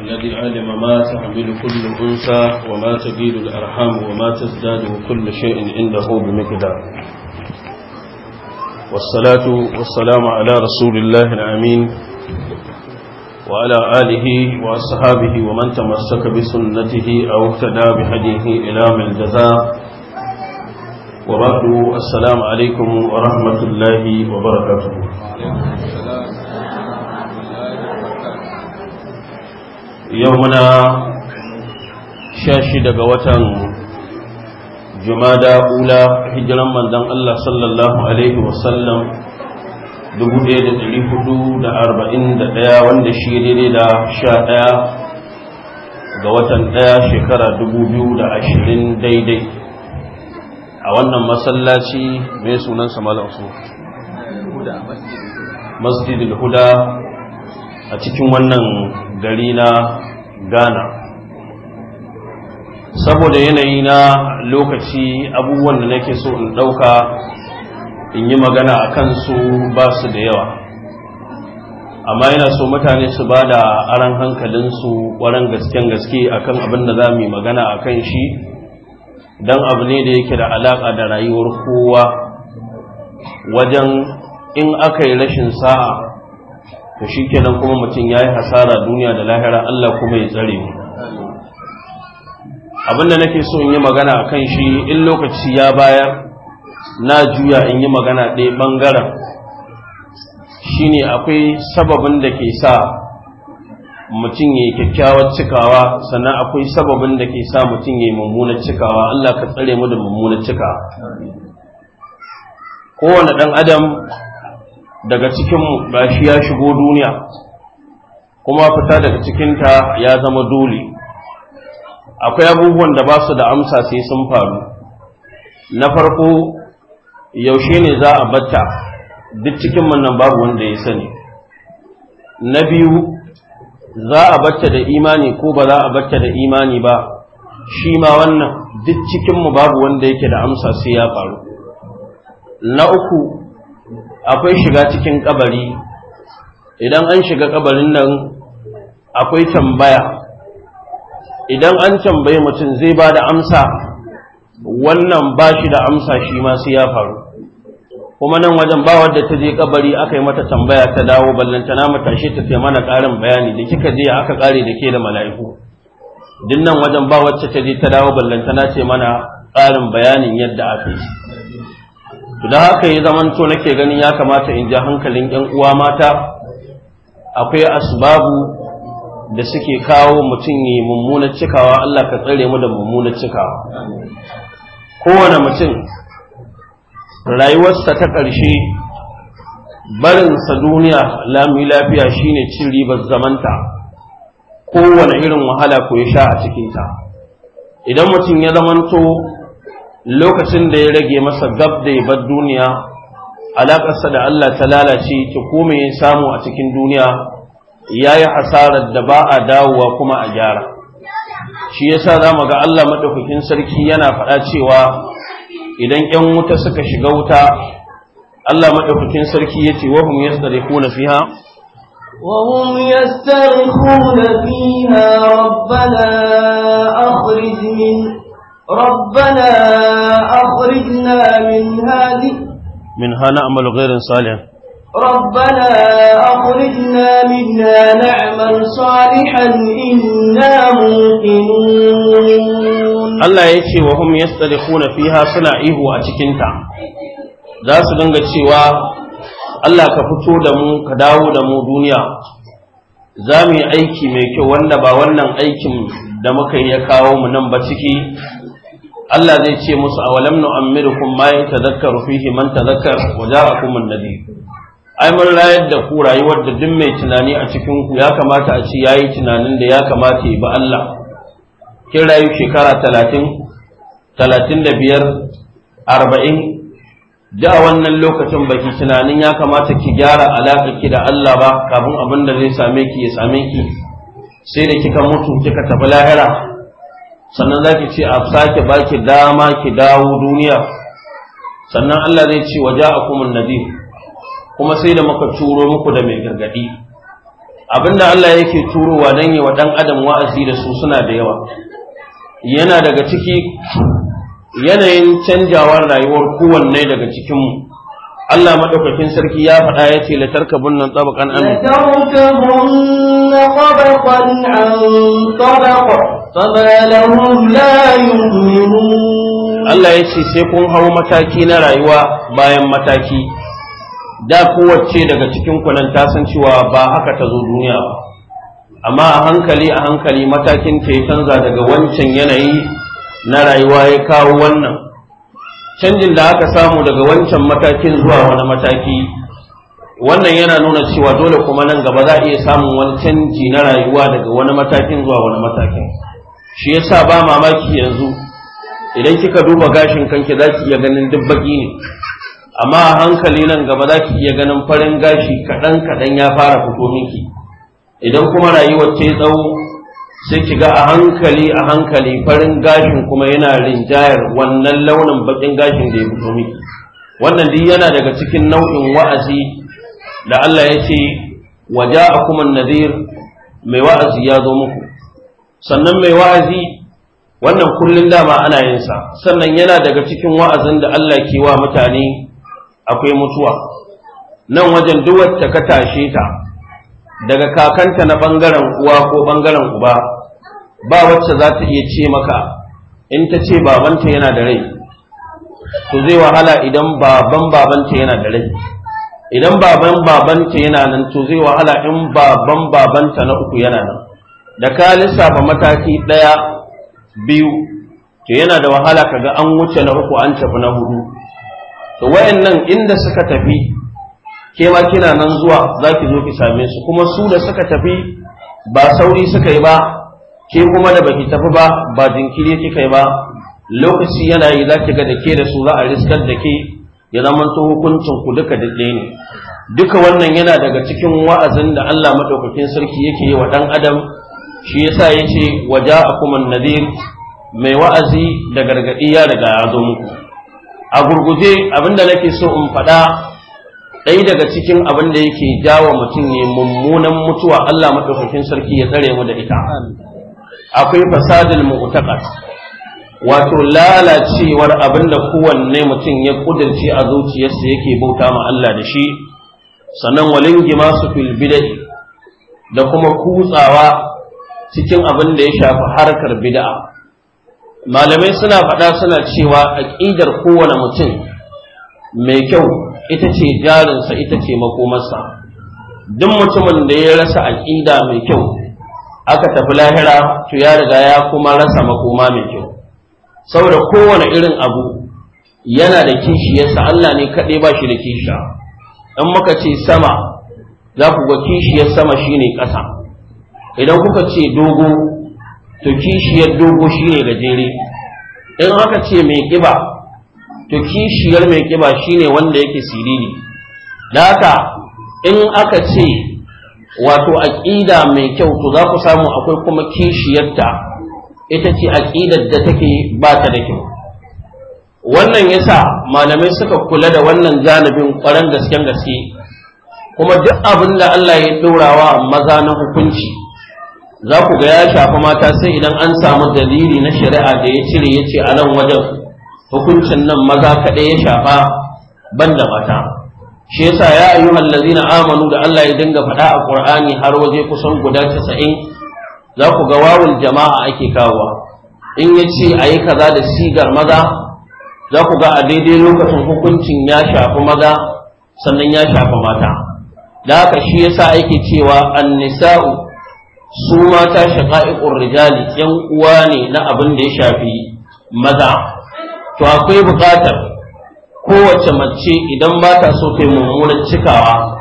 الذي علم ما تحمل كل أنثى وما تبيل الأرحام وما تزداد كل شيء عنده بمقدار والصلاة والسلام على رسول الله الأمين وعلى آله وأصحابه ومن تمسك بسنته أو اهتدى بهديه إلى من جزاء وبعد السلام عليكم ورحمة الله وبركاته yau muna shashi daga watan jumada ula hijiran manzan Allah sallallahu Alaihi wasallam 1441 wanda shi daidai da sha ɗaya ga watan ɗaya shekara 2020 daidai a wannan masallaci mai sunan samalar su masjidil huda a cikin wannan gari na ghana saboda yanayi na lokaci abubuwan da nake so in ɗauka in yi magana a kansu ba su da yawa amma yana so mutane su ba da aran hankalinsu waran gasken gaske a kan abin da za mu yi magana a kan shi don abu ne da yake da alaƙa da rayuwar kowa wajen in aka yi rashin sa'a to kenan kuma mutum ya yi hasara duniya da lahira Allah kuma ya tsare mu abinda nake so in yi magana a kan shi in lokaci ya bayar na juya in yi magana ɗaya ɓangaren shi ne akwai sababin da ke sa mutum ya yi kyakkyawar cikawa sannan akwai sababin da ke sa mutum ya yi mummunar cikawa Allah ka tsare mu da mummunar cikawa kowane ɗan adam daga cikinmu gashi ya shigo duniya kuma fita daga cikinta ya zama dole akwai abubuwan da ba su da amsa sai sun faru na farko yaushe ne za a bata duk cikin nan babu wanda ya sani na biyu za a bata da imani ko ba za a bata da imani ba shi ma wannan duk cikinmu babu wanda yake da amsa sai ya faru na uku akwai shiga cikin kabari idan an shiga kabarin nan akwai tambaya idan an tambaye mutum zai ba da amsa wannan ba shi da amsa shi ma sai ya faru kuma nan wajen ba wadda ta je kabari aka yi mata tambaya ta dawo ballantana mu tashi ta mana karin bayani da kika je aka kare da ke da mala'iku din nan wajen ba wacce ta je ta dawo ballantana ce mana ƙarin bayanin yadda aka da haka yi zamanto nake ganin ya kamata in ji hankalin ‘yan uwa mata akwai asbabu da suke kawo mutum yi mummunan cikawa Allah ka tsare mu da mummunar cikawa kowane mutum rayuwarsa ta ƙarshe barinsa duniya lami lafiya shine cin ribar zamanta kowane irin wahala ko ya sha a cikinta idan mutum ya zamanto lokacin da ya rage masa gab da ya bar duniya alaƙarsa da Allah ta lalace ta kome ya samu a cikin duniya ya yi hasarar da ba a dawowa kuma a gyara shi ya sa za mu ga Allah maɗaukakin sarki yana faɗa cewa idan ‘yan wuta suka shiga wuta Allah maɗaukakin sarki ya ce wahum ya tsare fiha وهم يسترخون فيها ربنا أخرج من ربنا أخرجنا من هذه منها نعمل غير صالح ربنا أخرجنا منها نعمل صالحا إنا موقنون الله يتي وهم يسترخون فيها صنعيه أتكنتا za su dinga cewa Allah ka fito da mu ka dawo da mu duniya za mu yi aiki mai kyau wanda ba wannan aikin da muka yi ya kawo mu nan ba ciki Allah zai ce musu a walam nu'ammirukum ma yatadhakkaru fihi man tadhakkar wa ja'akum an ai mun rayar da ku rayuwar da duk mai tunani a cikin ku ya kamata a ce yayi tunanin da ya kamata ba Allah kin rayu shekara 30 35 40 da a wannan lokacin baki tunanin ya kamata ki gyara alaƙa ki da Allah ba kafin abin da zai same ki ya same ki sai da kika mutu kika tafi lahira sannan za ki ce a sake baki dama ki dawo duniya sannan Allah zai ce waje a kumin kuma sai da muka turo muku da mai gargadi abinda Allah yake turowa don yi wa ɗan adam wa'azi da su suna da yawa yana daga ciki yanayin canjawar rayuwar kowanne daga cikinmu Allah maɗaukakin sarki ya faɗa ya ce latarka nan tsabakan amin فما لهم لا يؤمنون sai kun سيكون mataki na rayuwa bayan mataki. da kowace daga cikin kunan ta san cewa ba haka ta zo duniya ba amma a hankali a hankali matakin ta ya canza daga wancan yanayi na rayuwa ya kawo wannan canjin da aka samu daga wancan matakin zuwa wani mataki wannan yana nuna cewa dole kuma nan gaba za a iya samun wani canji na rayuwa daga wani matakin zuwa wani matakin shi sa ba mamaki yanzu idan kika duba gashin kanki za ki iya ganin dubbaki ne amma a hankali nan gaba za ki iya ganin farin gashi kaɗan kaɗan ya fara fito miki idan kuma rayuwar ce tsawo sai ki ga a hankali a hankali farin gashin kuma yana rinjayar wannan launin bakin gashin da ya fito miki wannan duk yana daga cikin nau'in wa'azi da Allah ya ce waja an nadir mai wa'azi ya zo muku sannan mai wa'azi wannan kullum dama ana yin sa sannan yana daga cikin wa'azin da Allah ke wa mutane akwai mutuwa nan wajen duwar ta ka tashe ta daga kakanta na ɓangaren uwa ko ɓangaren uba ba wacce za ta iya ce maka in ta ce babanta yana da rai to zai wahala idan baban babanta yana da rai idan baban babanta yana nan to zai wahala in baban babanta na uku yana nan da ka lissafa mataki ɗaya biyu to yana da wahala kaga an wuce na uku an tafi na hudu to wayannan inda suka tafi ke ma kina nan zuwa za ki zo ki same su kuma su da suka tafi ba sauri suka yi ba ke kuma da baki tafi ba ba jinkiri kika yi ba lokaci yana yi za ki ga da ke da su za a riskar da ke ya zamanto hukuncin ku duka daɗe ne duka wannan yana daga cikin wa'azin da Allah madaukakin sarki yake yi wa ɗan adam shi yasa yace waja'akum an-nadhir mai wa'azi da gargadi ya riga ya zo muku a gurguje abinda nake so in faɗa ɗaya daga cikin abin da yake jawo mutum ne mummunan mutuwa Allah madaukakin sarki ya tsare mu da ita akwai fasadul mu'taqat wato lalacewar abin da kowanne mutum ya kudirce a zuciyarsa yake bauta ma Allah da shi sannan walin gima su fil bidai da kuma kutsawa cikin abin da ya shafi harkar bid'a malamai suna faɗa suna cewa aƙidar kowane mutum mai kyau ita ce jarinsa ita ce makomarsa duk mutumin da ya rasa aƙida mai kyau aka tafi lahira to ya riga ya kuma rasa makoma mai kyau saboda kowane irin abu yana da kishiyarsa Allah ne kaɗai ba shi da kishiya in muka ce sama za ku ga kishiyar sama shine ƙasa idan kuka ce dogo to kishiyar dogo shine gajere in aka ce mai kiba to kishiyar mai kiba shine wanda yake siriri da haka in aka ce wato aƙida mai kyau to za ku samu akwai kuma kishiyarta ita ce aƙidar da take ba ta da kyau wannan yasa malamai suka kula da wannan janibin ƙwarar gasken gaske kuma duk abin da Allah ya ɗorawa maza na hukunci za ku ga ya shafi mata sai idan an samu dalili na shari'a da ya cire ya ce a nan wajen hukuncin nan maza kaɗai ya shafa ban da mata shi yasa ya ayyu na amanu da Allah ya dinga faɗa a ƙur'ani har waje kusan guda casa'in? za ku ga wawul jama'a ake kawowa in ya ce a yi kaza da sigar maza za ku ga a daidai lokacin hukuncin ya shafi maza sannan ya shafi mata da haka shi yasa ake cewa annisa'u su mata shaka'iƙun rijali yan uwa ne na abin da ya shafi maza to akwai buƙatar kowace mace idan ba ta so ta mummunan cikawa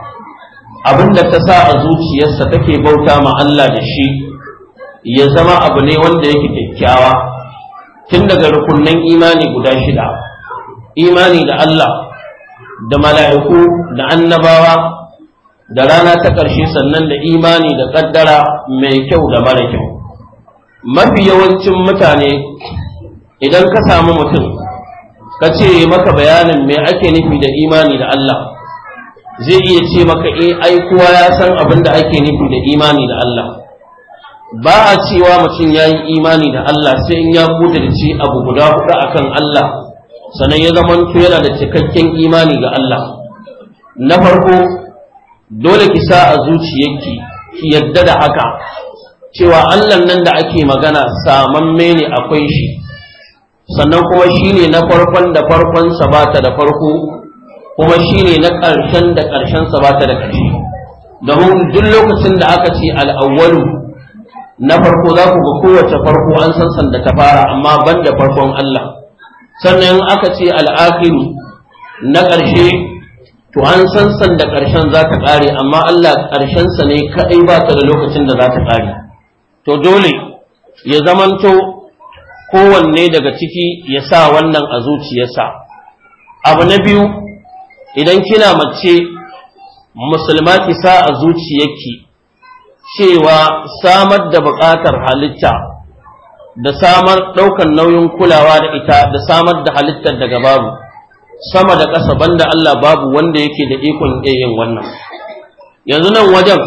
abin da ta sa a zuciyarsa take bauta ma Allah da shi ya zama abu ne wanda yake kyakkyawa tun daga rukunnan imani guda shida imani da Allah da mala'iku da annabawa da rana ta ƙarshe sannan da imani da ƙaddara mai kyau da mara kyau mafi yawancin mutane idan ka samu mutum ka ce maka bayanin mai ake nufi da imani da Allah zai iya ce maka e ai kowa ya san abin da ake nufi da imani da Allah ba a cewa mutum ya yi imani da Allah sai in ya kudurci abu guda huɗu akan Allah sannan ya zamanto yana da cikakken imani ga Allah na farko dole ki sa a zuciyarki ki yadda da haka cewa Allah nan da ake magana samamme ne akwai shi sannan kuma shi ne na farkon da farkon sabata da farko kuma shi ne na ƙarshen da ƙarshen sabata da ƙarshe domin duk lokacin da aka ce al'awwalu na farko za ku ga kowace farko an san sanda ta fara amma ban da farkon Allah sannan aka ce al'akiru na ƙarshe to an san san da ƙarshen za ta ƙare amma Allah sa ne kaɗai ba ta da lokacin da za ta ƙare to dole ya zamanto kowanne daga ciki ya sa wannan a zuciyarsa abu na biyu idan kina mace musulma ki sa a zuciyarki cewa samar da buƙatar halitta da samar ɗaukar nauyin kulawa da ita da samar da halittar daga babu sama da ƙasa banda Allah babu wanda yake da ikon yin wannan yanzu nan wajen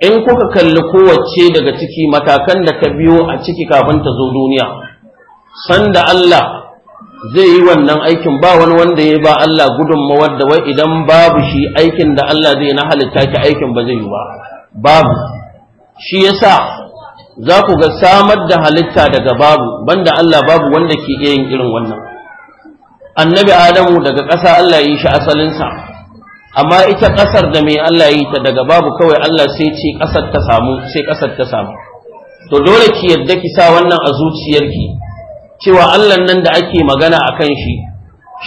in kuka kalli kowace daga ciki matakan da ka biyo a ciki kafin ta zo duniya sanda Allah zai yi wannan aikin ba wani wanda ya ba Allah gudunmawar da wai idan babu shi aikin da Allah zai na halitta ki aikin ba zai yi ba babu shi yasa za ku ga samar da halitta daga babu banda Allah babu wanda ke iya yin irin wannan annabi adamu daga ƙasa Allah yi shi asalinsa amma ita ƙasar da mai Allah yi ta daga babu kawai Allah sai ce ƙasar ta samu sai ƙasar ta samu to dole ki yadda ki sa wannan a zuciyarki cewa Allah nan da ake magana a kan shi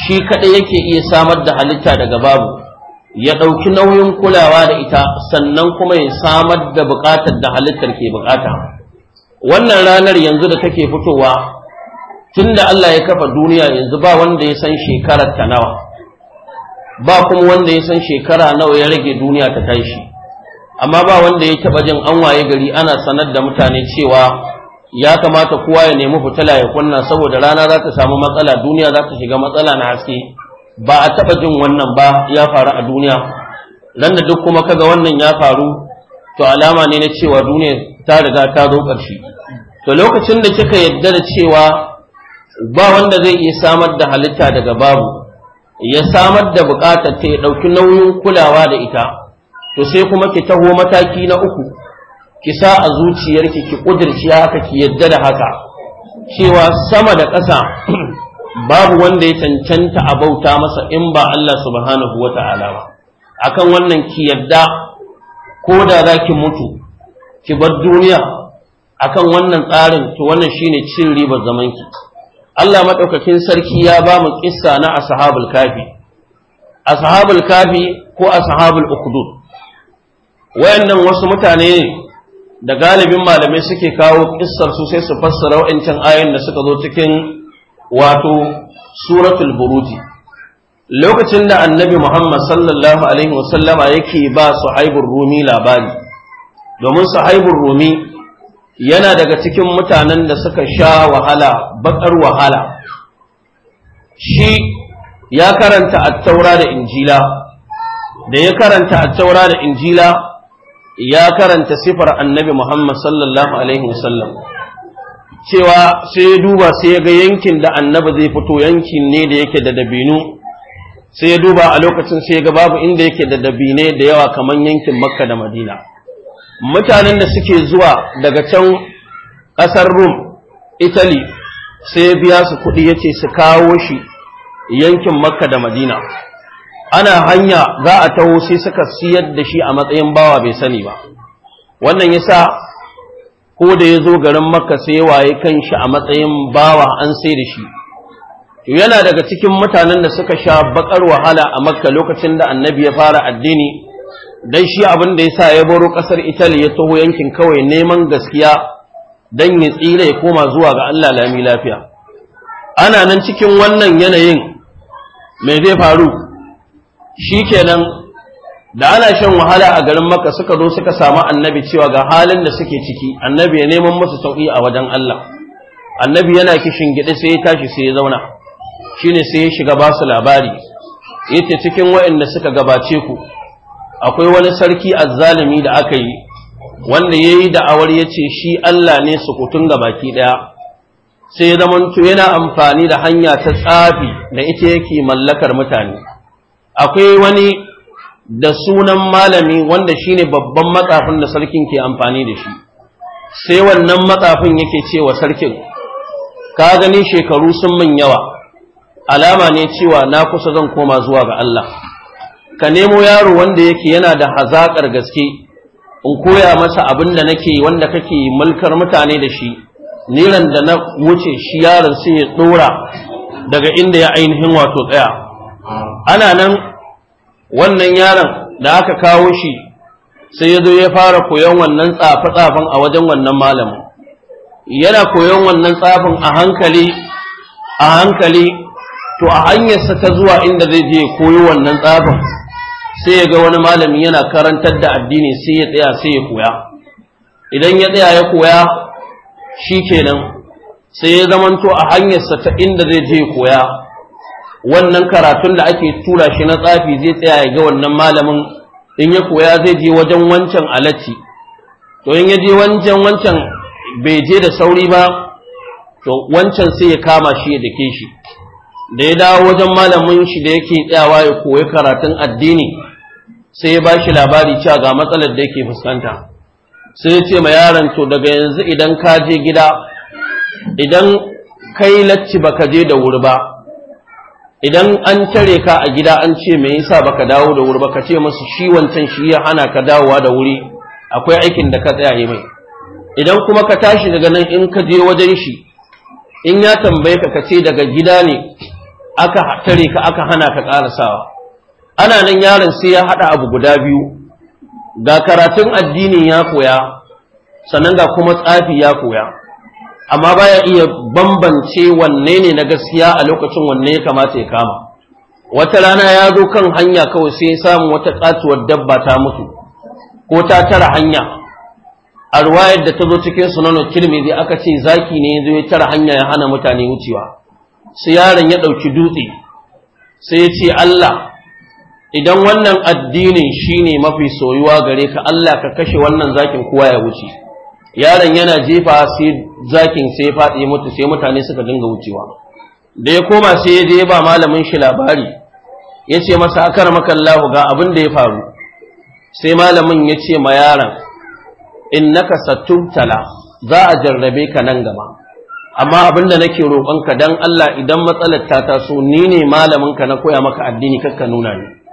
shi kaɗai yake iya samar da halitta daga babu ya ɗauki nauyin kulawa da ita sannan kuma ya samar da buƙatar da halittar ke buƙata wannan ranar yanzu da take fitowa tunda Allah ya kafa duniya yanzu ba wanda ya san shekarar ta nawa ba kuma wanda ya san shekara nawa ya rage duniya ta tashi amma ba wanda ya taba jin an waye gari ana sanar da mutane cewa ya kamata kowa ya nemi fitila ya kunna saboda rana za ta samu matsala duniya za ta shiga matsala na haske ba a taba jin wannan ba ya faru a duniya dan da duk kuma kaga wannan ya faru to alama ne na cewa duniya ta riga ta zo ƙarshe to lokacin da kika yadda da cewa ba wanda zai iya samar da halitta daga babu ya samar da buƙatar ta ya ɗauki nauyin kulawa da ita to sai kuma ki taho mataki na uku ki sa a zuciyarki ki ƙudirci haka ki yadda da haka cewa sama da ƙasa babu wanda ya cancanta a bauta masa in ba Allah subhanahu wa ta'ala ba akan wannan ki yadda ko da za ki mutu ki bar duniya akan wannan tsarin to wannan shine cin ribar zamanki Allah maɗaukakin sarki ya ba mu ƙissa na ashabul kafi ashabul kafi ko ashabul ukhdud wayannan wasu mutane da galibin malamai suke kawo ƙissar su sai su fassara wa'ancan ayoyin da suka zo cikin wato suratul buruji lokacin da annabi Muhammad sallallahu alaihi wasallama yake ba su haibur rumi labari domin su haibur rumi yana daga cikin mutanen da suka sha wahala bakar wahala shi ya karanta attaura da injila da ya karanta attaura da injila ya karanta sifar annabi muhammad sallallahu alaihi wasallam cewa sai ya duba sai ya ga yankin da annabi zai fito yankin ne da yake da dabinu sai ya duba a lokacin sai ya ga babu inda yake da dabine da yawa kamar yankin makka da madina mutanen da suke zuwa daga can ƙasar Rum, Italy, sai biya su kuɗi ya ce su kawo shi yankin Makka da Madina. Ana hanya za a taho sai suka siyar da shi a matsayin bawa bai sani ba. Wannan ya sa, ko da ya zo garin Makka sai waye kan shi a matsayin bawa an sai da shi. to Yana daga cikin mutanen da suka sha baƙar wahala a Makka lokacin da annabi ya fara addini. dan shi abin da yasa ya baro kasar Italy ya taho yankin kawai neman gaskiya dan ya tsira ya koma zuwa ga Allah lami lafiya ana nan cikin wannan yanayin me zai faru shikenan da ana shan wahala a garin Makka suka zo suka samu annabi cewa ga halin da suke ciki annabi ya neman musu sauki a wajen Allah annabi yana kishin gida sai ya tashi sai ya zauna shine sai ya shiga basu labari yace cikin waɗanda suka gabace ku akwai wani sarki azzalumi da aka yi wanda ya yi da'awar ya ce shi Allah ne sukutun ga baki ɗaya sai ya zamanto yana amfani da hanya ta tsafi da ita yake mallakar mutane akwai wani da sunan malami wanda shi ne babban matsafin da sarkin ke amfani da shi sai wannan matsafin yake cewa sarkin ka gani shekaru sun min yawa alama ne cewa na kusa zan koma zuwa ga Allah ka nemo yaro wanda yake yana da hazaƙar gaske in koya masa abin da nake wanda kake mulkar mutane da shi niran da na wuce shi yaron sai ya ɗora daga inda ya ainihin wato tsaya ana nan wannan yaron da aka kawo shi sai ya zo ya fara koyon wannan tsafe-tsafen a wajen wannan malamin yana koyon wannan tsafin a hankali a hankali to a hanyarsa ta zuwa inda zai je koyo wannan tsafin sai ya ga wani malami yana karantar da addini sai ya tsaya sai ya koya idan ya tsaya ya koya shi kenan sai ya zamanto a hanyarsa ta inda zai je koya wannan karatun da ake tura shi na tsafi zai tsaya ya ga wannan malamin in ya koya zai je wajen wancan alaci. to in ya je wancan wancan bai je da sauri ba to wancan sai ya kama shi ya dake shi da ya dawo wajen malamin shi da yake tsayawa ya koyi karatun addini sai ya ba shi labari cewa ga matsalar da yake fuskanta sai ya ce ma yaron to daga yanzu idan ka je gida idan kai lacci baka je da wuri ba idan an tare ka a gida an ce me yasa baka dawo da wuri ba ka ce musu shi wancan shi ya hana ka dawowa da wuri akwai aikin da ka tsaya yi mai idan kuma ka tashi daga nan in ka je wajen shi in ya tambaye ka ka ce daga gida ne aka tare ka aka hana ka karasawa ana nan yaron sai ya haɗa abu guda biyu ga karatun addinin ya koya sannan ga kuma tsafi ya koya amma baya iya bambance wanne ne na gaskiya a lokacin wanne ya kamata ya kama wata rana ya zo kan hanya kawai sai ya samu wata katuwar dabba ta mutu ko ta tara hanya a ruwayar da ta zo cikin sunan tirmidhi aka ce zaki ne ya tara hanya ya hana mutane wucewa sai yaron ya ɗauki dutse sai ya ce Allah idan wannan addinin shine mafi soyuwa gare ka Allah ka kashe wannan zakin kowa ya wuce yaron yana jefa sai zakin sai faɗi mutu sai mutane suka dinga wucewa da ya koma sai ya je ba malamin shi labari ya ce masa akar makallahu ga abin da ya faru sai malamin ya ce ma yaron in innaka satubtala za a jarrabe ka nan gaba amma abin da nake roƙonka dan Allah idan matsalar ta taso ni ne malamin ka na koya maka addini kakka nuna ni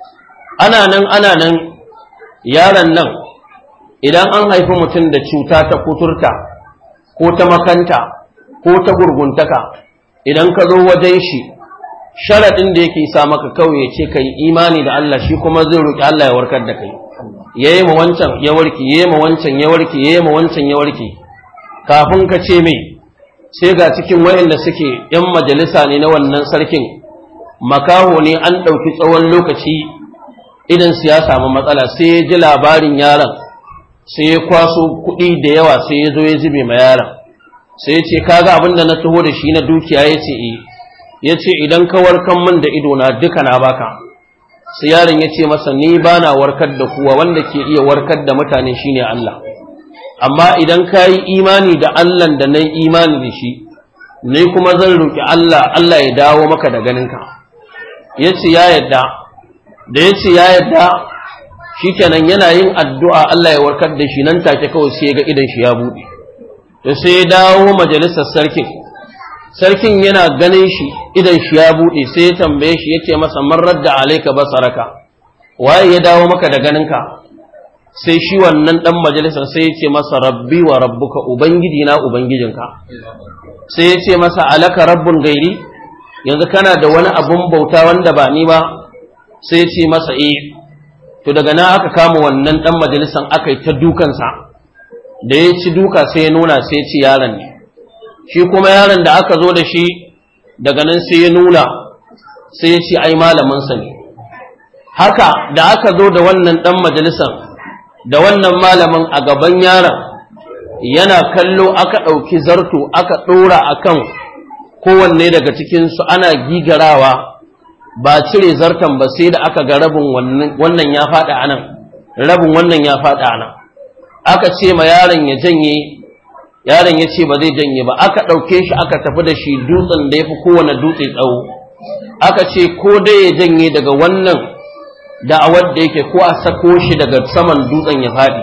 ana nan ana nan yaron nan idan an haifi mutum da cuta ta kuturta ko ta makanta ko ta gurguntaka idan ka zo wajen shi sharaɗin da yake sa maka kawai ya ce ka yi imani da Allah shi kuma zai roƙi Allah ya warkar da kai ya yi ma wancan ya warke ya yi ma wancan ya warke ya yi ma wancan ya warke kafin ka ce mai sai ga cikin waɗanda suke ‘yan majalisa ne na wannan sarkin makaho ne an ɗauki tsawon lokaci idan su ya samu matsala sai ya ji labarin yaron sai ya kwaso kuɗi da yawa sai ya zo ya zube ma yaron sai ya ce kaga abin da na taho da shi na dukiya ya ce eh ya ce idan ka warkan min da ido na duka na baka sai yaron ya ce masa ni ba na warkar da kuwa wanda ke iya warkar da mutane shine Allah amma idan ka yi imani da Allah da na imani da shi ni kuma zan roƙi Allah Allah ya dawo maka da ganinka ya ce ya yadda da ya ce ya yadda shi kenan yana yin addu'a Allah ya warkar da shi nan take kawai sai ga idan shi ya buɗe da sai ya dawo majalisar sarkin sarkin yana ganin shi idan shi ya buɗe sai ya tambaye shi ya masa marar da alaika ba saraka, waye ya dawo maka da ganinka sai shi wannan ɗan majalisar sai ya ce masa rabbi wa rabbuka ubangiji na ubangijinka sai ya ce masa alaka rabbun gairi yanzu kana da wani abun bauta wanda ba ni ba sai ce masa eh to daga na aka kama wannan dan majalisan aka yi ta dukansa da ya ci duka sai ya nuna sai ya ci yaron ne shi kuma yaron da aka zo da shi daga nan sai ya nuna sai ya ci ai malaminsa ne haka da aka zo da wannan dan majalisan da wannan malamin a gaban yaron yana kallo aka ɗauki zarto aka ɗora akan kowanne daga cikinsu ana gigarawa ba cire zartan ba sai da aka ga rabin wannan ya faɗa anan rabin wannan ya faɗa anan aka ce ma yaron ya janye yaron ya ce ba zai janye ba aka ɗauke shi aka tafi da shi dutsen da ya fi kowane dutse tsawo aka ce ko dai ya janye daga wannan da'awar da yake ko a sako shi daga saman dutsen ya faɗi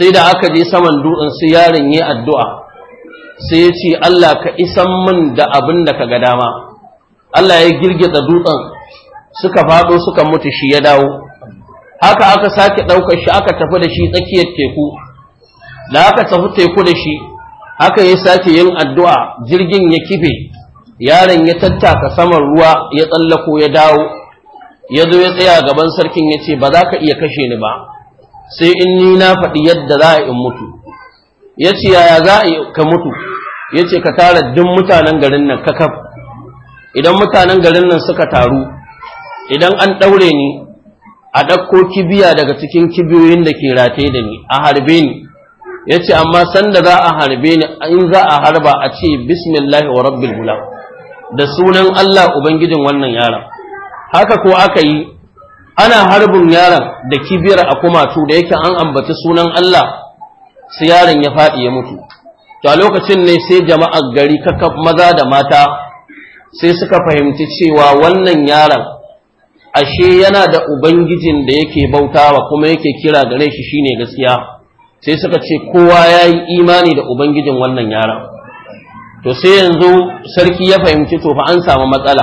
sai da aka je saman dutsen sai yaron ya addu'a sai ya ce Allah ka isan min da abin da ka ga dama Allah ya girgiza dutsen suka faɗo suka mutu shi ya dawo haka aka sake ɗaukar shi aka tafi da shi tsakiyar teku da aka tafi teku da shi haka ya sake yin addu'a jirgin ya kife yaron ya tattaka saman ruwa ya tsallako ya dawo ya zo ya tsaya gaban sarkin ya ce ba za ka iya kashe ni ba sai in ni na faɗi yadda za a in mutu ya ce yaya za a ka mutu ya ce ka tara duk mutanen garin nan kakaf idan mutanen garin nan suka taru idan an ɗaure ni a ɗauko kibiya daga cikin kibiyoyin da ke rataye da ni a harbe ni ya ce amma sanda za a harbe ni in za a harba a ce bismillahi wa rabbil gulam da sunan Allah ubangijin wannan yaron haka ko aka yi ana harbin yaron da kibiyar a kumatu da yake an ambaci sunan Allah su yaron ya faɗi ya mutu to a lokacin ne sai jama'ar gari kakaf maza da mata sai suka fahimci cewa wannan yaron ashe yana da ubangijin da yake bautawa kuma yake kira gare shi shine gaskiya sai suka ce kowa ya yi imani da ubangijin wannan yaron to sai yanzu sarki ya fahimci to fa an samu matsala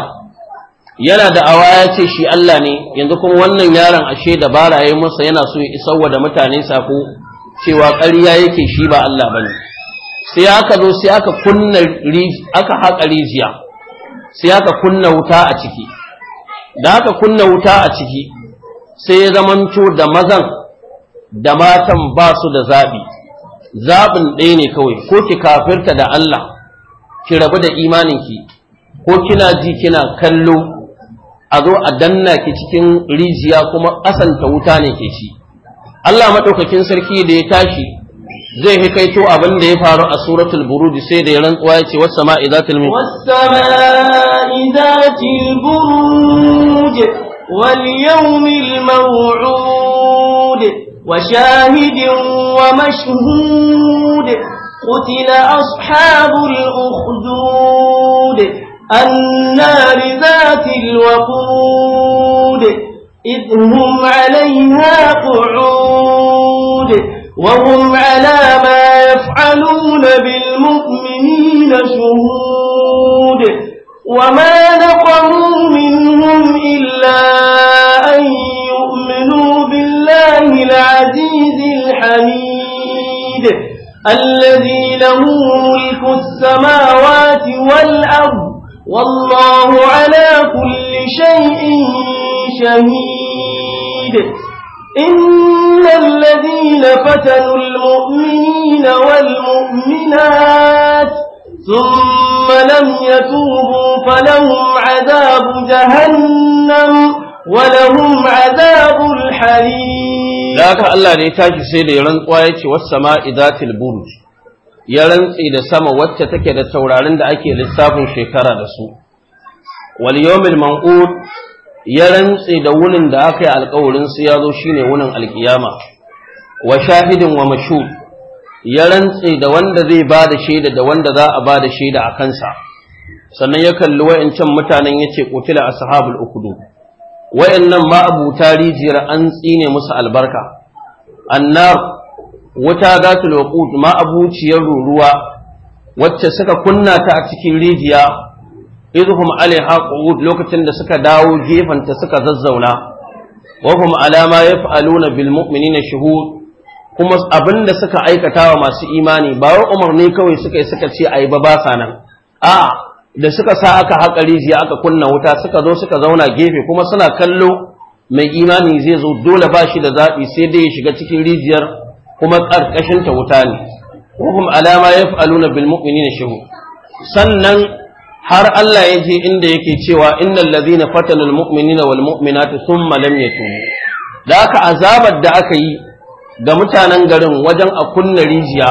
yana da awa ya ce shi Allah ne yanzu kuma wannan yaron ashe da bara yi masa yana so ya isarwa da mutane sako cewa ƙarya yake shi ba Allah bane sai aka zo sai aka kunna aka haƙa rijiya sai aka kunna wuta a ciki da aka kunna wuta a ciki sai ya zamanto da mazan da matan ba su da zaɓi zaɓin ɗaya ne kawai ko ki kafirta da Allah ki rabu da imaninki ko kina ji kina kallo a zo a danna ki cikin rijiya kuma asanta wuta ne ke ci Allah maɗaukakin sarki da ya tashi زي هكيتو أبن دي فارو أسورة البرود سيد يلن قوايتي والسماء ذات المنطقة والسماء ذات البرود واليوم الموعود وشاهد ومشهود قتل أصحاب الأخدود النار ذات الوقود إذ هم عليها قعود وهم على ما يفعلون بالمؤمنين شهود وما نقموا منهم إلا أن يؤمنوا بالله العزيز الحميد الذي له ملك السماوات والأرض والله على كل شيء شهيد إن الذين فتنوا المؤمنين والمؤمنات ثم لم يتوبوا فلهم عذاب جهنم ولهم عذاب الحريم لك الله نتاج سيد يرن قوائك والسماء ذات البرج يرن إذا سما واتتك يدى عند أكي للسافن شكرا رسول واليوم المنقود ya rantse da wunin da aka yi alkawarin su ya zo shine wunin alkiyama wa shahidin wa mashu ya rantse da wanda zai ba da shaida da wanda za a ba da shaida a kansa sannan ya kalli wayancan mutanen ya ce kutila ashabul ukudu wayannan ma abu tarijiyar an tsine musu albarka annar wuta zatul waqud ma abuciyar ruruwa wacce suka kunna ta a cikin rijiya idhum alaiha qu'ud lokacin da suka dawo gefanta suka zazzauna wa hum ala ma yaf'aluna bil mu'minina shuhud kuma abinda suka aikata wa masu imani ba Umar umarni kawai suka yi suka ce ayi ba ba nan a da suka sa aka haƙa rijiya aka kunna wuta suka zo suka zauna gefe kuma suna kallo mai imani zai zo dole ba shi da zaɓi sai dai ya shiga cikin rijiyar kuma ƙarƙashinta wuta ne wa hum ala ma yaf'aluna bil mu'minina shuhud sannan har Allah ya je inda yake cewa innal ladhina fatanu almu'minina wal mu'minati thumma lam yatubu da aka azabar da aka yi ga mutanen garin wajen a kunna rijiya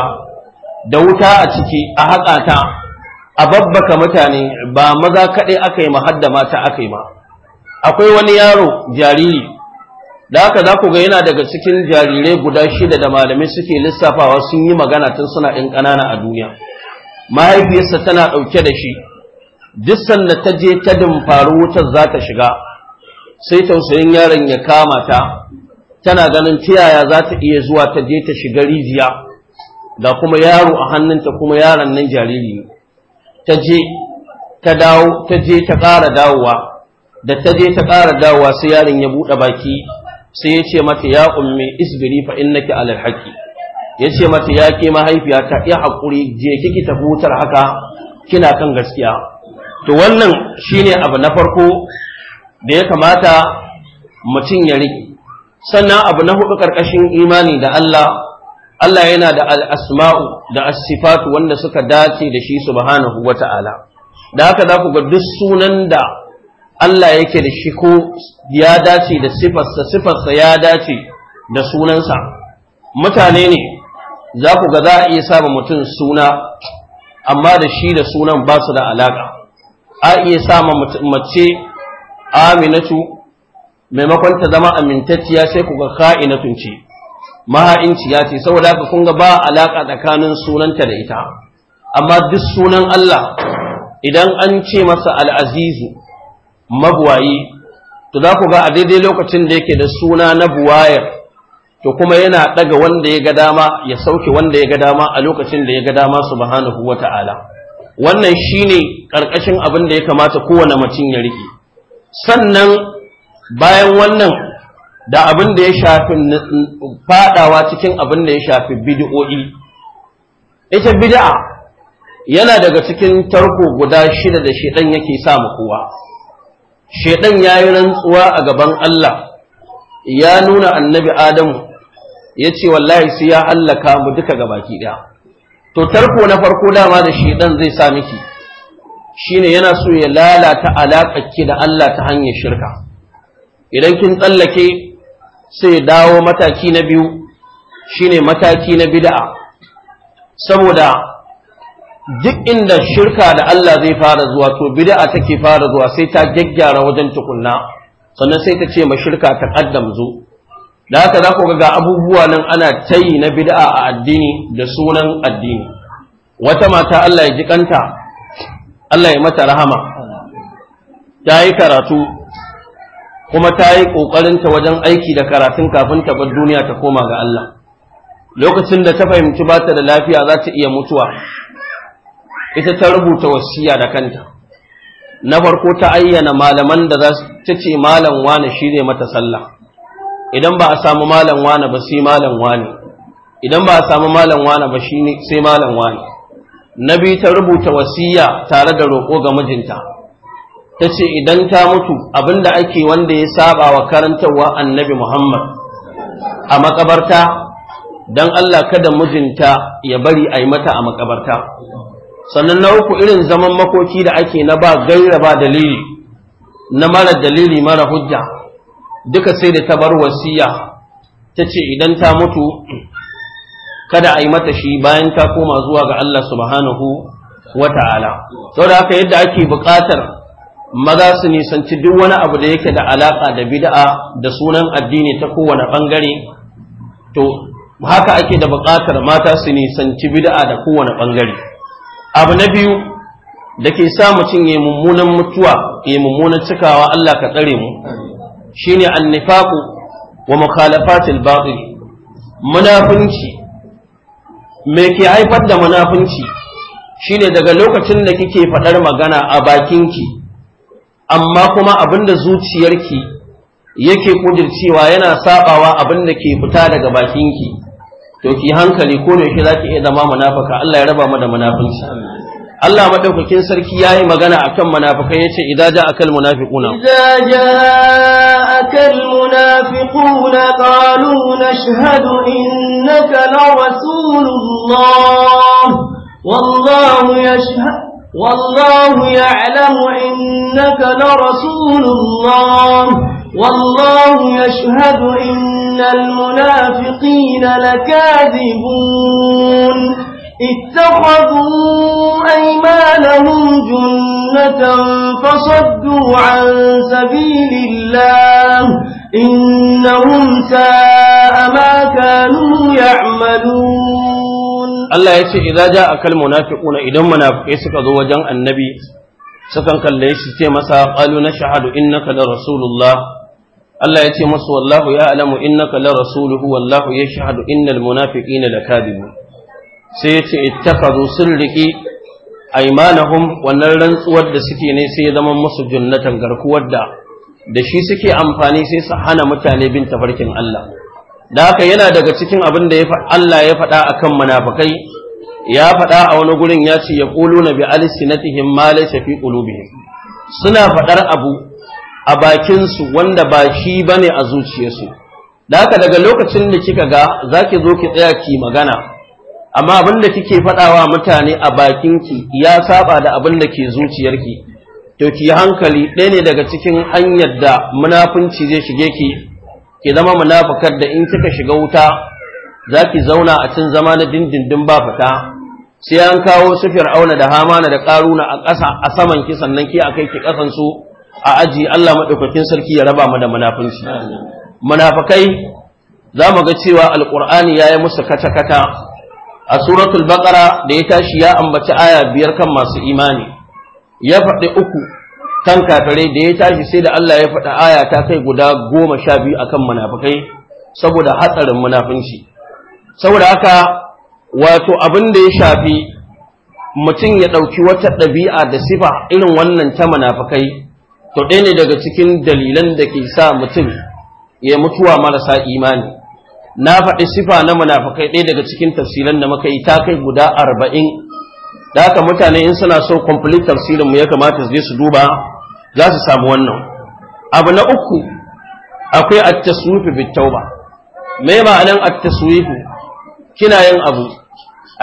da wuta a ciki a haƙa ta a babbaka mutane ba maza kaɗai aka yi ma hadda mata aka yi ma akwai wani yaro jariri da aka za ku ga yana daga cikin jarirai guda shida da malamai suke lissafawa sun yi magana tun suna ɗin ƙanana a duniya mahaifiyarsa tana ɗauke da shi duk sanda ta je ta dumfaru wutar za ta shiga sai tausayin yaron ya kama ta tana ganin tiyaya za ta iya zuwa ta je ta shiga rijiya da kuma yaro a hannunta kuma yaron nan jariri ne ta je ta dawo ta je ta ƙara dawowa da ta je ta ƙara dawowa sai yaron ya buɗe baki sai ya ce mata ya ummi isbiri fa innaki alal haqi ya ce mata ya ke mahaifiya ta, ya hakuri je kiki tafi wutar haka kina kan gaskiya to wannan shine abu na farko da ya kamata mutum ya riƙe sannan abu na hudu ƙarƙashin imani da Allah Allah yana da asma'u da asifatu wanda suka dace da shi subhanahu wa ta'ala da haka za ku ga duk sunan da Allah yake da shi ko ya dace da sifarsa sifarsa ya dace da sunansa mutane ne za ku ga za a iya saba mutum suna amma da shi da sunan ba su da alaƙa a iya sama mace aminatu maimakon ta zama amintacciya sai ku ga kha'inatun ce mahainciya ce saboda haka kun ga ba alaka tsakanin sunanta da ita amma duk sunan Allah idan an ce masa al'azizu mabuwayi to za ku ga a daidai lokacin da yake da suna na buwayar to kuma yana ɗaga wanda ya ga dama ya sauke wanda ya ga dama a lokacin da ya ga dama subhanahu wa ta'ala wannan shi ne ƙarƙashin abin da ya kamata kowane mutum ya rike sannan bayan wannan da abin da ya shafi fadawa cikin abin da ya shafi bid'o'i ita bid'a yana daga cikin tarko guda shida da shedan yake sa mu kowa shedan yi rantsuwa a gaban Allah ya nuna annabi Adamu ya ce wallahi su ya hallaka mu duka gabaki ɗaya. to tarko na farko dama da shedan zai sa miki shine yana so ya lalata alaƙar da Allah ta hanyar shirka idan kin tsallake sai dawo mataki na biyu shine mataki na bid'a saboda duk inda shirka da Allah zai fara zuwa to bid'a take fara zuwa sai ta gaggyara wajen tukunna sannan sai ta ce ma shirka ta kaddam da haka za ku ga abubuwa nan ana tayi na bid'a a addini da sunan addini wata mata Allah ya ji kanta Allah ya mata rahama ta yi karatu kuma ta yi ƙoƙarinta wajen aiki da karatun kafin ta bar duniya ta koma ga Allah lokacin da ta fahimci ba ta da lafiya za ta iya mutuwa ita ta rubuta wasiya da kanta na farko ta ayyana malaman da za ta ce malam wane shi ne mata sallah idan ba a samu malam wane ba sai malam wane idan ba a samu malam wane ba ne sai malam wane biyu ta rubuta wasiya tare da roƙo ga mijinta ta ce idan ta mutu abinda ake wanda ya saba wa karantarwa annabi muhammad a makabarta don allah kada mijinta ya bari a yi mata a makabarta sannan na uku irin zaman makoki da ake na ba gaira ba dalili na mara dalili mara hujja duka sai da ta bar wasiya ta ce idan ta mutu kada a yi mata shi bayan ta koma zuwa ga Allah subhanahu wa ta'ala saboda haka yadda ake buƙatar maza su nisanci duk wani abu da yake da alaƙa da bid'a da sunan addini ta kowane ɓangare to haka ake da buƙatar mata su nisanci bid'a da kowane ɓangare abu na biyu da ke sa mu cinye mummunan mutuwa ya mummunan cikawa Allah ka tsare mu shine annifaku wa mukhalafatil batil munafunci me ke haifar da munafunci shine daga lokacin da kike faɗar magana a bakinki amma kuma abinda zuciyarki yake kudircewa yana sabawa abinda ke fita daga bakinki to ki hankali ko ne yake zaki iya zama munafika Allah ya raba mu da munafunci Allah madaukakin sarki yayi magana akan munafikai yace idza ja'akal munafiquna idza ja'akal munafiquna qalu nashhadu innaka la rasulullah wallahu yashhadu والله يعلم إنك لرسول الله والله يشهد إن المنافقين لكاذبون اتخذوا أيمانهم جنة فصدوا عن سبيل الله إنهم ساء ما كانوا يعملون الله يسي إذا جاءك المنافقون إذا منافقين سكذوا وجن النبي سكن كالليس تيمسا قالوا نشهد إنك لرسول الله الله يتي مس والله يعلم إنك لرسوله والله يشهد إن المنافقين لكاذبون sai ya ce ittakhadhu a aymanahum wannan rantsuwar da suke ne sai ya zama musu jannatan garkuwar da da shi suke amfani sai su hana mutane bin tafarkin Allah da haka yana daga cikin abin da Allah ya faɗa a kan munafukai ya faɗa a wani gurin ya ce ya na bi na ma laysa fi qulubihim suna faɗar abu a bakinsu wanda ba shi bane a zuciyarsu da haka daga lokacin da kika ga zaki zo ki tsaya ki magana amma abin da kike faɗawa mutane a bakin ki ya saba da abin da ke zuciyarki to ki hankali ɗaya ne daga cikin hanyar da munafunci zai shige ki ki zama munafukar da in kika shiga wuta za ki zauna a cin zama na dindindin ba fita sai an kawo su fir'auna da hamana da ƙaruna a ƙasa a saman ki sannan ki akai ki ƙasan su a aji Allah madaukakin sarki ya raba mu da munafunci munafukai za mu ga cewa alƙur'ani ya yi musu kata-kata a suratul baqara da ya tashi ya ambaci aya biyar kan masu imani ya faɗi uku kan kafare da ya tashi sai da Allah ya faɗi aya ta kai guda goma sha biyu akan munafikai saboda hatsarin munafinci saboda haka wato abin da ya shafi mutum ya ɗauki wata ɗabi'a da sifa irin wannan ta munafukai, to ɗaya ne daga cikin dalilan da ke sa mutum ya mutuwa marasa imani na faɗi sifa na munafikai ɗaya daga cikin tafsiran da muka yi ta kai guda arba'in da haka mutane in suna so complete tafsirin mu ya kamata su je su duba za su samu wannan abu na uku akwai at-taswifu bit tauba me ma'anan at-taswifu kina yin abu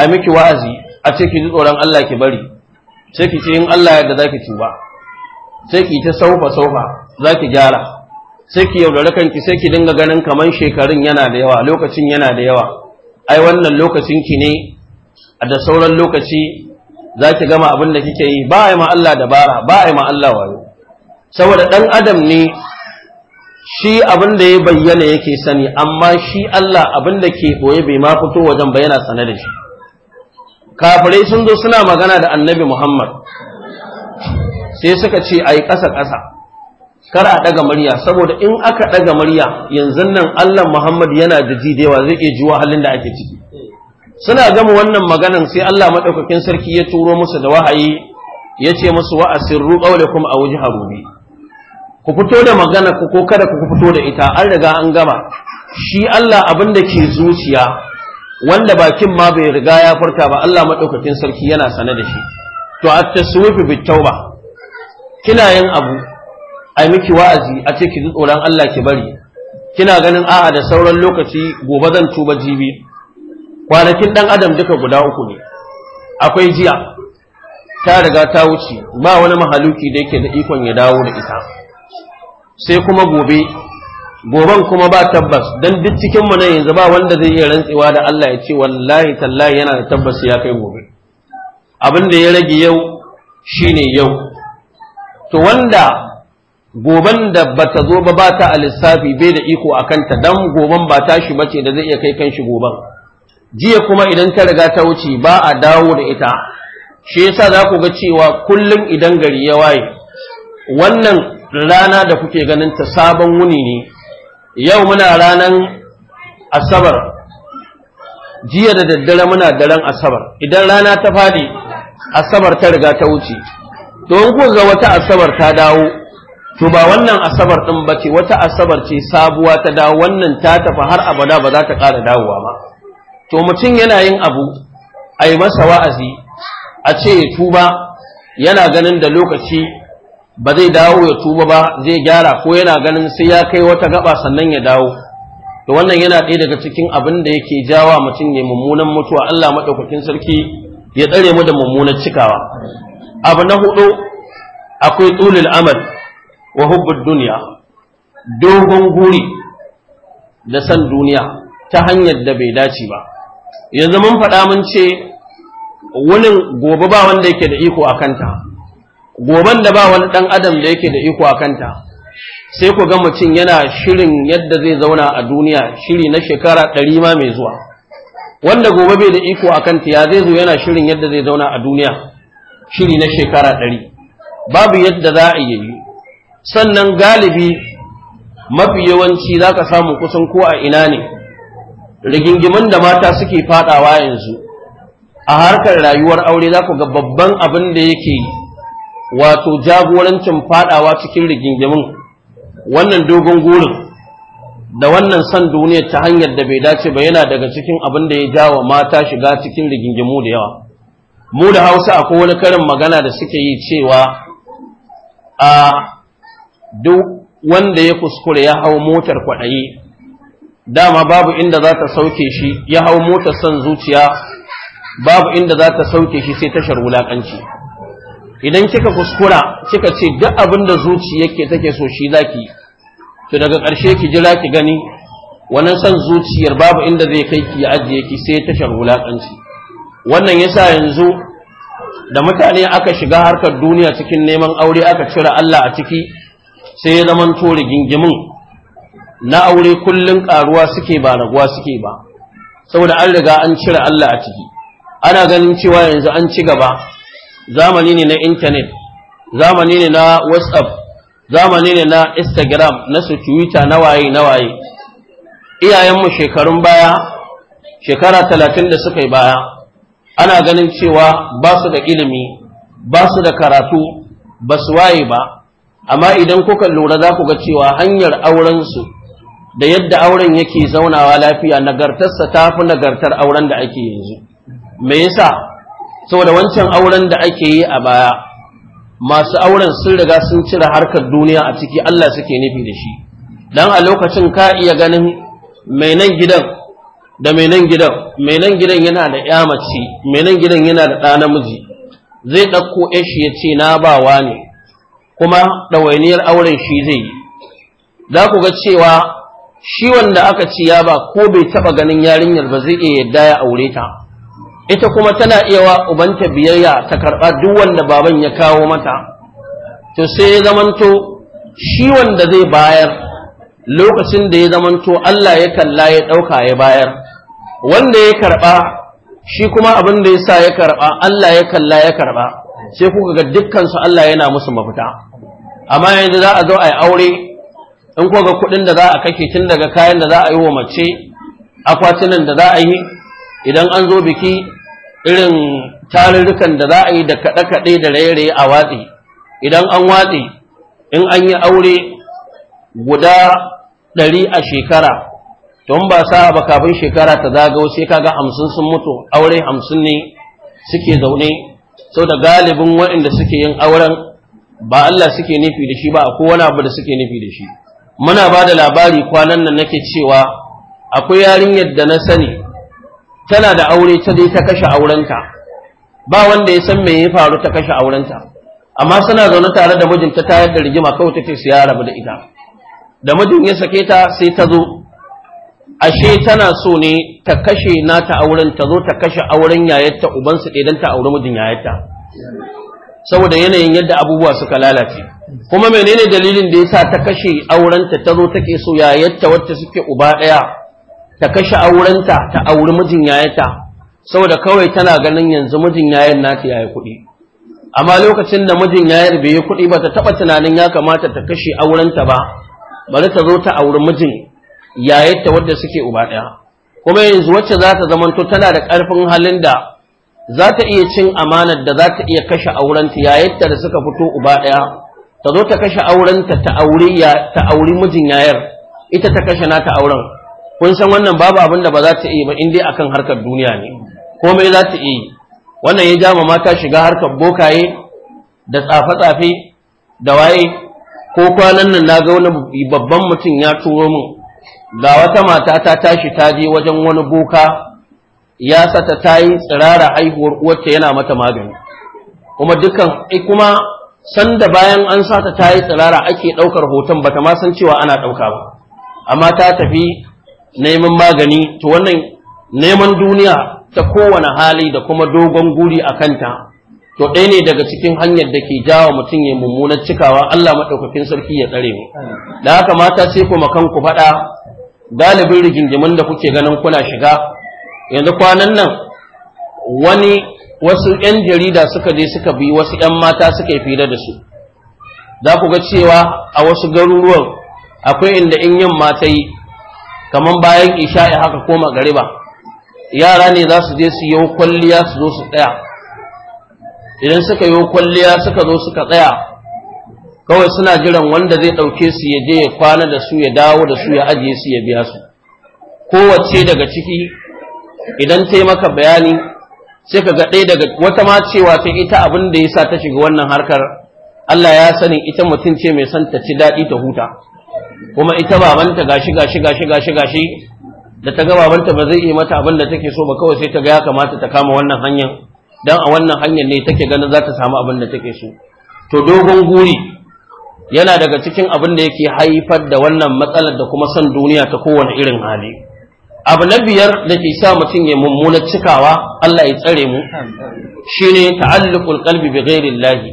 a miki wa'azi a ce ki ji tsoron Allah ki bari sai ki ce in Allah ya yarda zaki tuba sai ki ta saufa saufa zaki gyara sai ki yaudare kanki sai ki dinga ganin kamar shekarun yana da yawa lokacin yana da yawa ai wannan lokacin ki ne da sauran lokaci za ki gama abin da kike yi ba a yi ma Allah dabara ba a yi ma Allah wayo saboda ɗan adam ne shi abin da ya bayyana yake sani amma shi Allah abin da ke boye bai ma fito wajen ba yana sane da shi kafirai sun zo suna magana da annabi Muhammad sai suka ce ai ƙasa ƙasa kar a daga murya saboda in aka daga murya yanzu nan Allah Muhammad yana da ji zai iya juwa halin da ake ciki suna gama wannan maganan sai Allah madaukakin sarki ya turo musu da wahayi ya ce musu wa asirru qawlakum aw jahru bi ku fito da magana ku ko kada ku fito da ita an riga an gama shi Allah abin da ke zuciya wanda bakin ma bai riga ya furta ba Allah madaukakin sarki yana sane da shi to at-taswifu bit-tauba kina yin abu ai miki wa'azi a ce ki ji tsoron Allah ki bari kina ganin a'a da sauran lokaci gobe zan tuba jibi kwanakin dan adam duka guda uku ne akwai jiya ta riga ta wuce ba wani mahaluki da yake da ikon ya dawo da ita sai kuma gobe goben kuma ba tabbas dan duk cikin mu nan yanzu ba wanda zai iya rantsewa da Allah ya ce wallahi tallahi yana da tabbas ya kai gobe abin da ya rage yau shine yau to wanda goban da bata zo ba ba ta a lissafi bai da iko a kanta dan goban ba tashi bace da zai iya kai kanshi goban jiya kuma idan ta riga ta wuce ba a dawo da ita shi yasa za ku ga cewa kullum idan gari ya waye wannan rana da kuke ganin ta sabon wuni ne yau muna ranan asabar jiya da daddare muna daren asabar idan rana ta fadi asabar ta riga ta wuce don ku ga wata asabar ta dawo to ba wannan asabar din ba ce wata asabar ce sabuwa ta dawo wannan ta tafi har abada ba za ta ƙara dawowa ba to mutum yana yin abu a yi masa wa'azi a ce ya tuba yana ganin da lokaci ba zai dawo ya tuba ba zai gyara ko yana ganin sai ya kai wata gaba sannan ya dawo to wannan yana ɗaya daga cikin abin da yake jawa mutum ne mummunan mutuwa Allah maɗaukakin sarki ya tsare mu da mummunan cikawa abu na hudu akwai tsulul amal wa hubbud duniya dogon guri da san duniya ta hanyar da bai dace ba yanzu mun faɗa mun ce wani gobe ba wanda yake da iko a kanta goben da ba wani ɗan adam da yake da iko a kanta sai ku ga mutum yana shirin yadda zai zauna a duniya shiri na shekara ɗari ma mai zuwa wanda gobe bai da iko a kanta ya zai zo yana shirin yadda zai zauna a duniya shiri na shekara ɗari babu yadda za a yi sannan galibi mafi yawanci za ka samu kusan ko a ina ne rigingimin da mata suke fadawa yanzu a harkar rayuwar aure za ku ga babban abin da yake wato jagorancin fadawa cikin rigingimin wannan dogon gurin da wannan san duniya ta hanyar da bai dace ba yana daga cikin abin da ya wa mata shiga cikin rigingimu da yawa mu da hausa akwai wani karin magana da suke yi cewa a ah, duk wanda ya kuskure ya hau motar kwaɗayi dama babu inda za ta sauke shi ya hau motar son zuciya babu inda za ta sauke shi sai tashar wulaƙanci idan kika kuskura kika ce duk abin da zuciyarki take so shi za ki to daga ƙarshe ki jira ki gani wannan son zuciyar babu inda zai kai ki ya ajiye ki sai tashar wulaƙanci wannan yasa yanzu da mutane aka shiga harkar duniya cikin neman aure aka cire Allah a ciki sai ya zaman tori gingimin na aure kullum karuwa suke ba raguwa suke ba saboda an riga an cire Allah a ciki ana ganin cewa yanzu an ci gaba zamani ne na internet zamani ne na whatsapp zamani ne na instagram na su twitter na waye na waye iyayenmu shekarun baya shekara talatin da suka yi baya ana ganin cewa ba su da ilimi ba su da karatu ba su waye ba amma idan kuka lura za ku ga cewa hanyar aurensu da yadda auren yake zaunawa lafiya nagartarsa ta fi nagartar auren da ake yanzu me yasa saboda wancan auren da ake yi a baya masu auren sun riga sun cire harkar duniya a ciki Allah suke nufi da shi dan a lokacin ka iya ganin mai gidan da mai nan gidan mai gidan yana da ya mace mai nan gidan yana da ɗa namiji zai ɗauko shi ya ce na bawa ne kuma ɗawainiyar auren shi zai yi za ku ga cewa shi wanda aka ci ya ba ko bai taɓa ganin yarinyar ba zai iya yadda ya aure ta ita kuma tana iya wa ubanta biyayya ta karɓa duk wanda baban ya kawo mata to sai ya zamanto shi wanda zai bayar lokacin da ya zamanto Allah ya kalla ya ɗauka ya bayar wanda ya karɓa shi kuma abin da ya sa ya karɓa Allah ya kalla ya karɓa sai kuka ga dukkansu Allah yana musu mafita amma yanzu za a zo a yi aure in kuka ga kuɗin da za a kashe tun daga kayan da za a yi wa mace akwatunan da za a yi idan an zo biki irin tarurrukan da za a yi da kaɗe-kaɗe da raye-raye a watsi idan an watsi in an yi aure guda ɗari a shekara tun ba sa ba kafin shekara ta zagawo sai kaga hamsin sun mutu aure hamsin ne suke zaune Sau da galibin waɗanda suke yin auren ba Allah suke nufi da shi ba a kowane abu da suke nufi da shi muna ba da labari kwanan nan nake cewa akwai yarinyar da na sani tana da aure ta dai ta kashe aurenta ba wanda ya san me ya faru ta kashe aurenta amma suna zaune tare da mijinta ta yadda rigima kawai take su ya rabu da ita da mijin ya sake ta sai ta zo ashe tana so ne ta kashe nata auren ta zo ta kashe auren yayarta ubansu ɗaya ta auri mijin yayarta saboda yanayin yadda abubuwa suka lalace kuma menene dalilin da yasa ta kashe aurenta ta zo take so yayarta wacce suke uba ɗaya ta kashe aurenta ta auri mijin yayarta saboda kawai tana ganin yanzu mijin yayar nata yayi kuɗi amma lokacin da mijin yayar bai yi kuɗi ba ta taɓa tunanin ya kamata ta kashe aurenta ba bari ta zo ta auri mijin yayarta wadda suke uba ɗaya kuma yanzu wacce za ta zamanto tana da ƙarfin halin da za ta iya cin amanar da za ta iya kashe aurenta yayarta da suka fito uba ɗaya ta zo ta kashe aurenta ta auri ta auri mijin yayar ita ta kashe nata auren kun san wannan babu abin da ba za ta iya ba in dai akan harkar duniya ne komai za ta iya wannan ya jama mata shiga harkar bokaye da tsafe-tsafe da waye ko kwanan nan na ga wani babban mutum ya turo min ga wata mata ta tashi ta je wajen wani boka ya sata ta yi tsirara haihuwar uwarta yana mata magani kuma dukan eh, kuma sanda bayan an sata ta yi tsirara ake ɗaukar hoton bata ma san cewa ana ɗauka ba amma ta tafi neman magani to wannan neman duniya ta kowane hali da kuma dogon guri a kanta to ɗaya ne daga cikin hanyar da ke jawa mutum ya mummunar cikawa Allah maɗaukakin sarki ya tsare mu da haka mata sai ku kanku ku faɗa galibin rigingimin da kuke ganin kuna shiga yanzu kwanan nan wani wasu 'yan jarida suka je suka bi wasu 'yan mata suka yi fira da su za ku ga cewa a wasu garuruwan akwai inda in yin mata yi kamar bayan isha'i haka ko magariba yara ne za su je su yi kwalliya su zo su tsaya idan suka yi kwalliya suka zo suka tsaya kawai suna jiran wanda zai ɗauke su ya je ya kwana da su ya dawo da su ya ajiye su ya biya su kowace daga ciki idan ta maka bayani sai ka ga ɗaya daga wata ma cewa ta ita abin da ya sa ta shiga wannan harkar Allah ya sani ita mutum ce mai son ta ci daɗi ta huta kuma ita babanta gashi gashi gashi gashi gashi da ta ga babanta ba zai yi mata abin da take so ba kawai sai ta ga ya kamata ta kama wannan hanyar dan a wannan hanyar ne take ganin za ta samu abin da take so to dogon guri yana daga cikin abin da yake haifar da wannan matsalar da kuma son duniya ta kowane irin hali abu na biyar da ke sa mutum ya mummunar cikawa Allah ya tsare mu shine ta'alluqul qalbi bi ghairillahi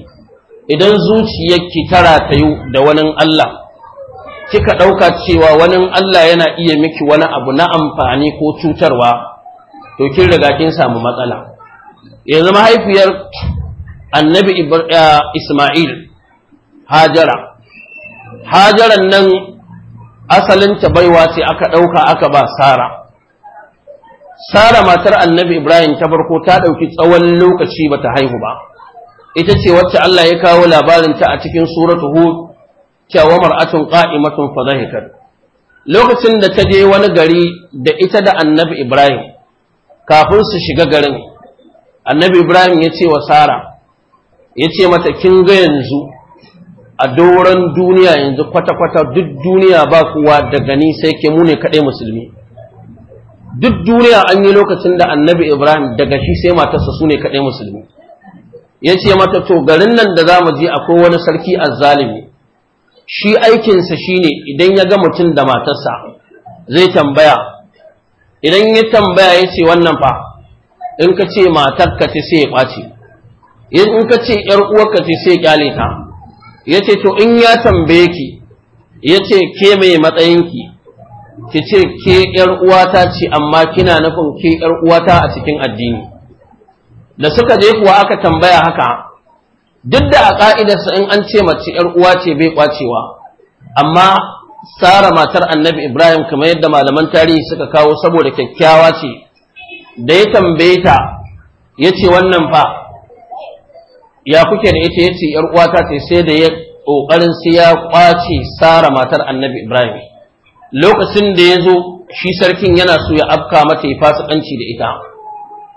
idan zuciyarki tara tayu da wani Allah kika dauka cewa wani Allah yana iya miki wani abu na amfani ko cutarwa to kin riga kin samu matsala yanzu mahaifiyar annabi eh, Isma'il hajara hajaran nan asalinta baiwa ce aka ɗauka aka ba sara sara matar annabi ibrahim ta farko ta ɗauki tsawon lokaci ba ta haihu ba ita ce wacce allah ya kawo labarinta a cikin suratu hud cewa mar'atun qa'imatun fadhahikat lokacin da ta je wani gari da ita da annabi ibrahim kafin su shiga garin annabi ibrahim ya ce wa sara ya ce mata kin ga yanzu a doron duniya yanzu kwata-kwata duk duniya ba kuwa daga ni sai ke ne kaɗai musulmi duk duniya an yi lokacin da annabi ibrahim daga shi sai matarsa su ne kaɗai musulmi ya ce mata to garin nan da za mu je akwai wani sarki azzalimi shi aikinsa shine idan ya ga mutum da matarsa zai tambaya idan ya tambaya ya ce wannan fa in ka ce matarka ce sai ya ƙwace in ka ce ‘yar uwarka ce sai ya ƙyale ta’ ya ce to in ya tambaye ki ya ce ke mai matsayinki ki ce ke ‘yar uwata ce amma kina nufin ke ‘yar uwata a cikin addini da suka je kuwa aka tambaya haka duk da a ƙa'idarsa in an ce mace ‘yar uwa ce bai kwacewa amma tsara matar annabi ibrahim kamar yadda malaman tarihi suka kawo saboda kyakkyawa ce da ya tambaye ta ya ce wannan fa ya kuke da ita yace yar uwata ce sai da ya kokarin sai ya kwace sara matar annabi ibrahim lokacin da ya zo shi sarkin yana so ya afka mata ya fasikanci da ita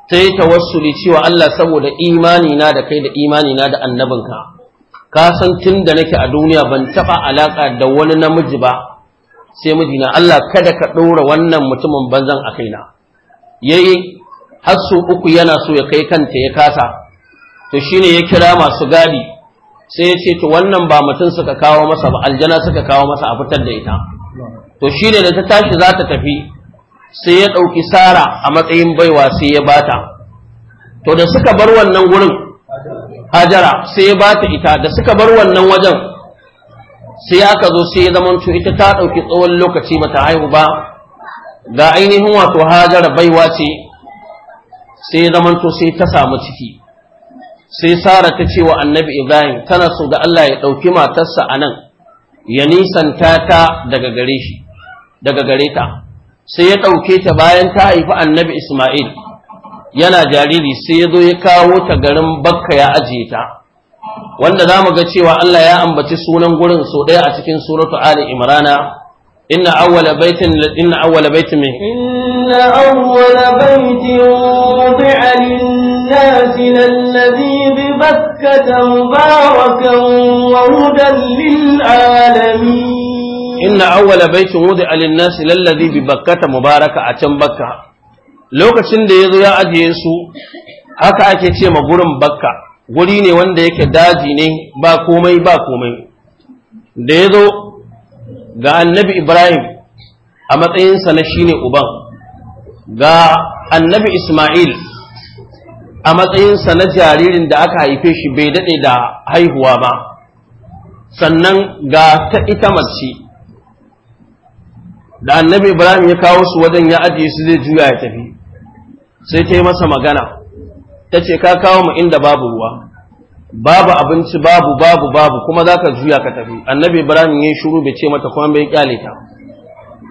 ta yi tawassuli cewa Allah saboda imani na da kai da imani na da annabinka ka san tun da nake a duniya ban taɓa alaƙa da wani namiji ba sai mijina Allah kada ka ɗora wannan mutumin banzan a kaina yayi har so uku yana so ya kai kanta ya kasa to shine ya kira masu gadi sai ya ce to wannan ba mutum suka kawo masa ba aljana suka kawo masa a fitar da ita to shine da ta tashi za ta tafi sai ya ɗauki sara a matsayin baiwa sai ya bata to da suka bar wannan gurin hajara sai ya bata ita da suka bar wannan wajen sai aka zo sai ya zamanto ita ta ɗauki tsawon lokaci mata haihu ba ga ainihin wato hajara baiwa ce sai ya zamanto sai ta samu ciki sai sara ta ce wa annabi ibrahim tana so da Allah ya ɗauki matarsa a nan ya nisanta ta daga gare shi daga gare ta sai ya ɗauke ta bayan ta haifi annabi Ismail yana jariri sai ya zo ya kawo ta garin bakka ya ajiye ta wanda za mu ga cewa Allah ya ambaci sunan gurin so ɗaya a cikin suratu Ali Imrana inna awwala baitin inna awwala baitin min inna awwala baitin wudi'a بآياتنا الذي ببكة مباركا وهدى للعالمين إن أول بيت وضع للناس للذي ببكة مباركة أتم بكة lokacin da ya zo ya ajiye su haka ake ce ma gurin bakka guri ne wanda yake daji ne ba komai ba komai da ya zo ga annabi ibrahim a matsayinsa na shine uban ga annabi isma'il a matsayinsa na jaririn da aka haife shi bai daɗe da haihuwa ba sannan ga ta ita mace da annabi ibrahim ya kawo su wajen ya ajiye su zai juya ya tafi sai ta yi masa magana ta ce ka kawo mu inda babu ruwa babu abinci babu babu babu kuma za ka juya ka tafi annabi ibrahim ya yi shuru bai ce mata kuma bai kyale ta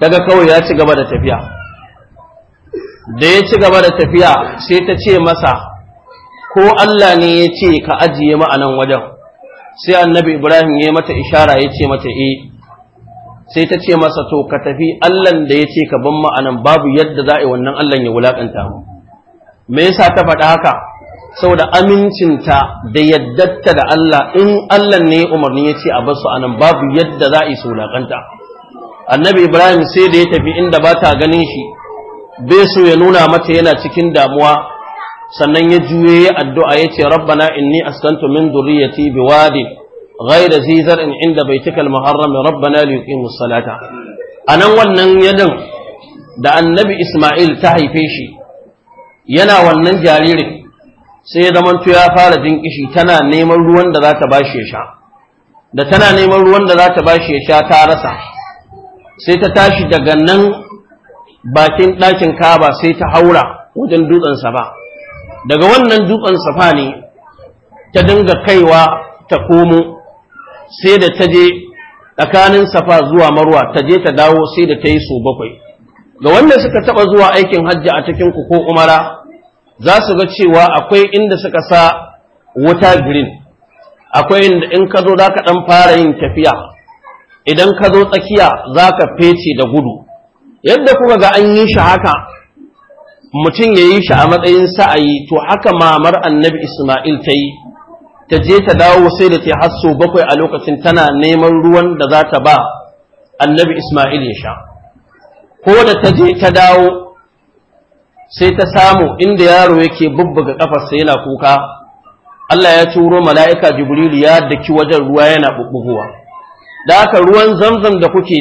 daga kawai ya ci gaba da tafiya da ya ci gaba da tafiya sai ta ce masa ko Allah ne ya ce ka ajiye ma'anan wajen sai annabi Ibrahim ya mata ishara ya ce mata eh. sai ta ce masa to ka tafi Allahn da ya ce ka ban ma'anan babu yadda za a wannan Allahn ya wulaƙanta mu me yasa ta faɗa haka saboda amincinta da yaddatta da Allah in Allah ne umarni ya ce a bar su anan babu yadda za a yi su wulaƙanta annabi Ibrahim sai da ya tafi inda ba ta ganin shi bai so ya nuna mata yana cikin damuwa sannan ya juye addu'a ya ce rabbana inni askantu min durriyati biwadin ghayra zizar in inda baitika al-muharram rabbana li yuqimu salata anan wannan yadan da annabi Isma'il ta haife shi yana wannan jaririn sai ya zamanto ya fara jin kishi tana neman ruwan da za ta shi ya sha da tana neman ruwan da za ta shi ya sha ta rasa sai ta tashi daga nan bakin ɗakin kaba sai ta haura wajen dutsen sa ba daga wannan dutsen safa ne ta dinga kaiwa ta komo sai da ta je tsakanin safa zuwa marwa ta je ta dawo sai da ta yi so bakwai ga wanda suka taɓa zuwa aikin hajji a cikin ku ko umara za su ga cewa akwai inda suka sa wuta green akwai inda in ka zo za ka ɗan fara yin tafiya idan ka zo tsakiya za ka fece da gudu yadda kuka ga an yi shi haka mutum ya yi shi a matsayin sa'ayi to haka mamar annabi Ismail ta yi ta je ta dawo sai da ta hasso bakwai a lokacin tana neman ruwan da za ta ba annabi Ismail ya sha ko da ta je ta dawo sai ta samu inda yaro yake bubbuga kafarsa yana kuka Allah ya turo mala'ika Jibril ya daki wajen ruwa yana bubbugowa da haka ruwan zamzam da kuke